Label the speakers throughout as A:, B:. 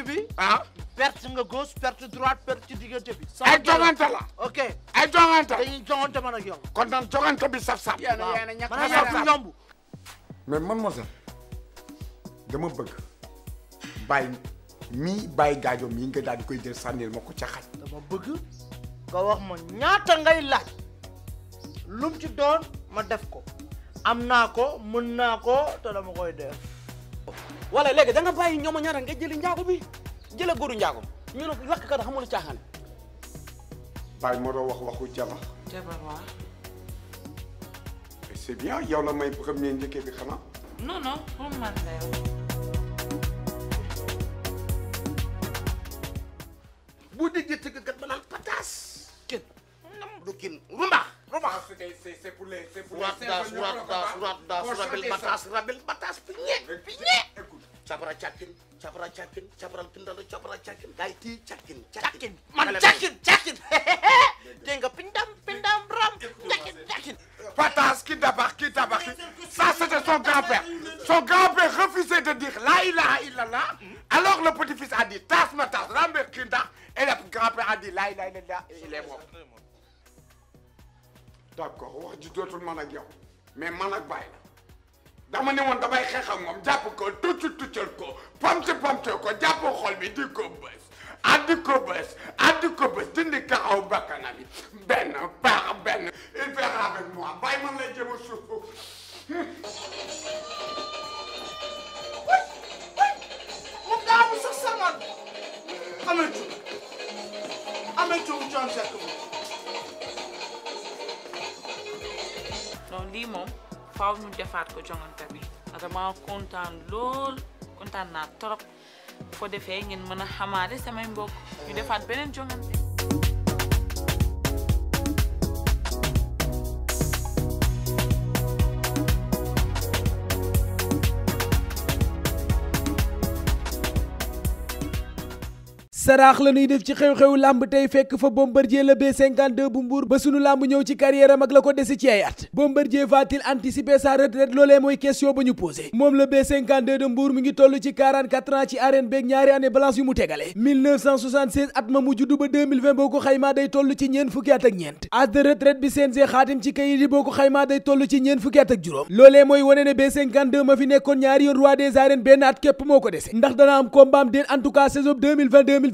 A: ci bi. ah perte nga gauche perte droite perte ci diggante bi. ay jongante ok ay jongante. dañuy jongante man a ñàkk a yéen a ñàkk mais man ma sax dama bëgg bàyyi mii bàyyi gaajo mii nga daal di koy jël sànnil ma ko ca xaj. dama bëgg nga wax ma ñaata ngay laaj lum ci doon ma def ko am naa ko mën naa ko te dama koy def. wala léegi da nga bàyyi ñooma ñaar nga jëli njaago bi jëla góoru njaago ñu ne lakkat xamul caaxaan bàyyi moo doon wax waxu jabar jabar waaw c'est bien yow la may premier njëkkee bi xanaa non non pour man la bu déggee tëggkat ba naan pataas kenn nam du kenn rumba rumah ah, surat dah surat dah surat dah surabil batas surabil batas pinyek eh, pinyek capra cakin capra cakin capra pindalo capra cakin gaiti cakin cakin man
B: cakin cakin
A: dégg nga pindam eh, pindam ram cakin cakin batas ki tabax ki tabax ça c'était son grand-père son grand-père refusait de dire la ilaha illallah hmm? alors le petit-fils a dit tas ma tas rambe ki ndax et le grand-père a dit la ilaha illallah et il est mort d'accord wax ji dootul man ak yow mais man ak dama ne woon damay xeex ak moom jàpp ko tucc tuccal ko pamte pamte ko jàpp xol bi di ko bës addi ko bës addi ko bës dindi kaxaw bakkanam yi benn baax benn il fait avec moi bàyyi man lay jëm a suuf Amém, tchau, tchau, tchau. lii moom faw ñu defaat ko jongante bi vraiment kontaan lool kontaan naa trop bu ko defee ngeen mën a xamaale samay mbokk ñu defaat beneen jongante
B: saraax la ñuy def ci xew-xewu làmb tey fekk fa Bombardier le B52 bu Mbour ba sunu làmb ñëw ci carrière am ak la ko dese ci ay at Bombardier va-t-il anticiper sa retraite loolee mooy question ba ñu posé moom le B52 de Mbour mi ngi toll ci 44 ans ci arène beeg ñaari année balance yu mu tegale at ma mu juddu ba boo ko xaymaa day toll ci ñeent fukki at ak ñeent âge de retraite bi CNG xaatim ci kayit boo ko xaymaa day toll ci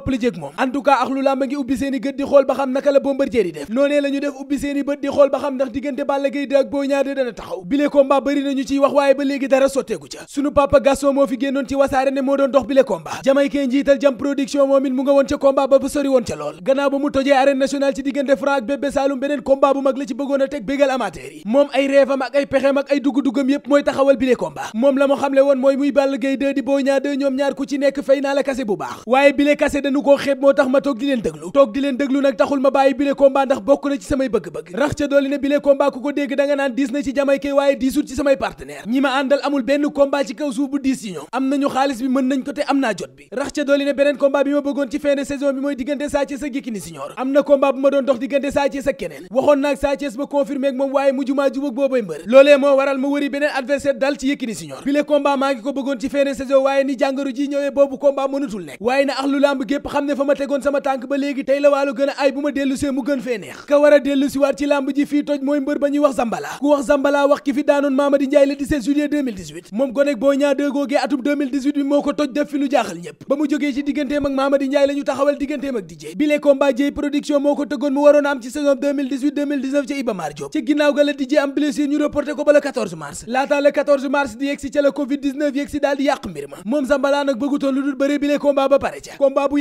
B: noppali jég moom en tout cas ak lu làmb ngi ubbi seen gët di xool ba xam naka la Bombardier yi def noonee la def ubbi seen bët di xool ba xam ndax diggante Balla Gaye ak Boy dana taxaw bile combat bëri nañu ciy wax waaye ba léegi dara sotteegu ca suñu papa Gaston moo fi génnoon ci wasaare ne moo doon dox bile combat jamaykee njiital jam production moom mu nga woon ca combat ba sori woon ca lool gannaaw ba mu tojee arène nationale ci diggante Franc a teg dañu koo xeeb moo tax ma toog di leen déglu toog di leen déglu nag taxul ma bàyyi bile combat ndax bokk na ci samay bëgg-bëgg rax ca dooli ne bile combat ku ko dégg da naan diis na ci jamaykay waaye diisut ci samay partenaire ñi ma àndal amul benn combat ci kaw suuf bu diis ci ñoom am nañu xaalis bi mën nañ ko te am naa jot bi rax ca dooli ne beneen combat bi ma bëggoon ci fin de saison bi mooy diggante Sa Thiès ak Yékini Senior am na combat bu ma doon dox diggante ñëpp xam ne fa ma tegoon sama tànk ba léegi tey la waalu gën a ay bu ma dellu mu gën fee neex ka war a dellu si waat ci làmb ji fii toj mooy mbër ba ñuy wax Zambala ku wax Zambala wax ki fi daanoon Mamadi Ndiaye le 17 juillet 2018 moom gonek Boy Niang atum bi moo ko toj def fi lu jaaxal ñëpp ba mu jógee ci digganteem ak Mamadi Ndiaye la taxawal digganteem ak DJ bile combat jey production moo ko tëggoon mu waroon am ci ca Iba Mar ci ginnaaw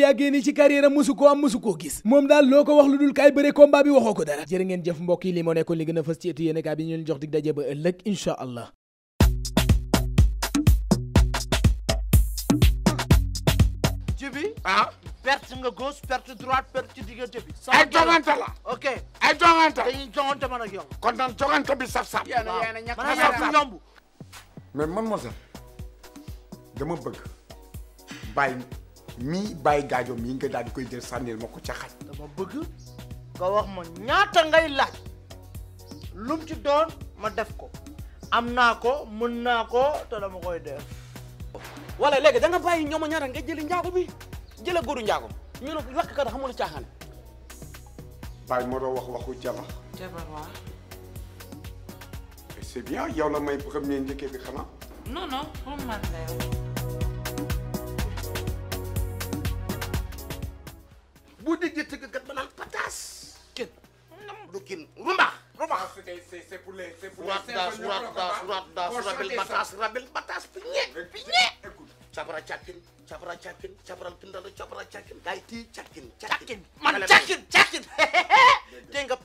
B: yaa génn ci carrière am musu koo am musu koo gis moom daal loo ko wax lu dul kaay bëre combat bi waxoo ko dara jërë ngeen jëf mbokk yi li moo nekkoon li gën a fës ci étu yéen kaa bi ñu leen jox dig daje ba ëllëg incha allah
A: ci bi ah perte nga gauche perte droite perte ci diggante bi. ay jongante la. ok ay jongante. dañuy jongante man ak yow. kon nag jongante bi saf saf. yéen a ñàkk a saf ñomb mais mademoiselle dama bëgg bàyyi. mii bàyyi gaajo mii nga daal di koy jël sànnil ma ko ca xaj dama bëgg nga wax ma ñaata ngay laaj lum ci doon ma def ko am naa ko mën naa ko te dama koy def wala léegi danga bàyyi bàyyi ñooma ñaata nga jëli njaago bi jëla góoru njaago ñu ne lakkat xamul caaxaan bàyyi ma doon wax waxu jabar jabar waaw c'est bien yow la may bëgg a njëkkee bi xanaa non non man la boo déggee tëggkat ba naan pataas. kenn du kin rumbax. rumbax ah, c'est pour les c'est pour les rabel batas rabel batas piñe piñe. cabara càkkin cabara càkkin cabara pindalo cabara càkkin gaay tii càkkin càkkin man càkkin càkkin dégg nga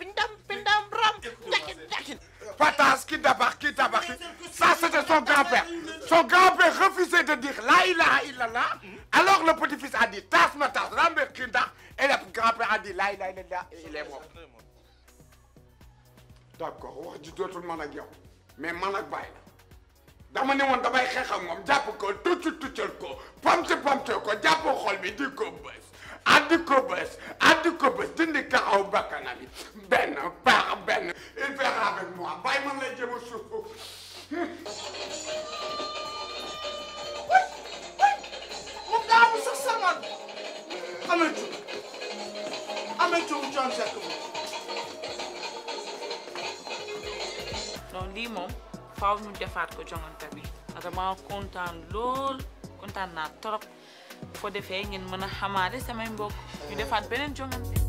A: pindam ram càkkin càkkin ki dabax ki tabax c'était son grand son grand-père de dire la ilaha illallah mm-hmm. alors le petit-fils a tas ma tas rambe ki après a dit laa ilaaha illallaah il est mort d'accord wax ji dootul man ak yow mais man ak bàyyi la dama ne woon damay xeex ak moom jàpp ko tucc tuccal ko pamte pamte ko jàpp xol bi di ko bës addi ko bës addi ko bës dindi kaxaw bakkanam bi benn paax benn il fait avec moi bàyyi man lay jëm a suuf Come on, coming lii moom faaw ñu defaat ko jongante bi vraiment kontaan lool kontaan naat torop bu defee ngeen mën a xamaale samay mbokk ñu defaat beneen jongante.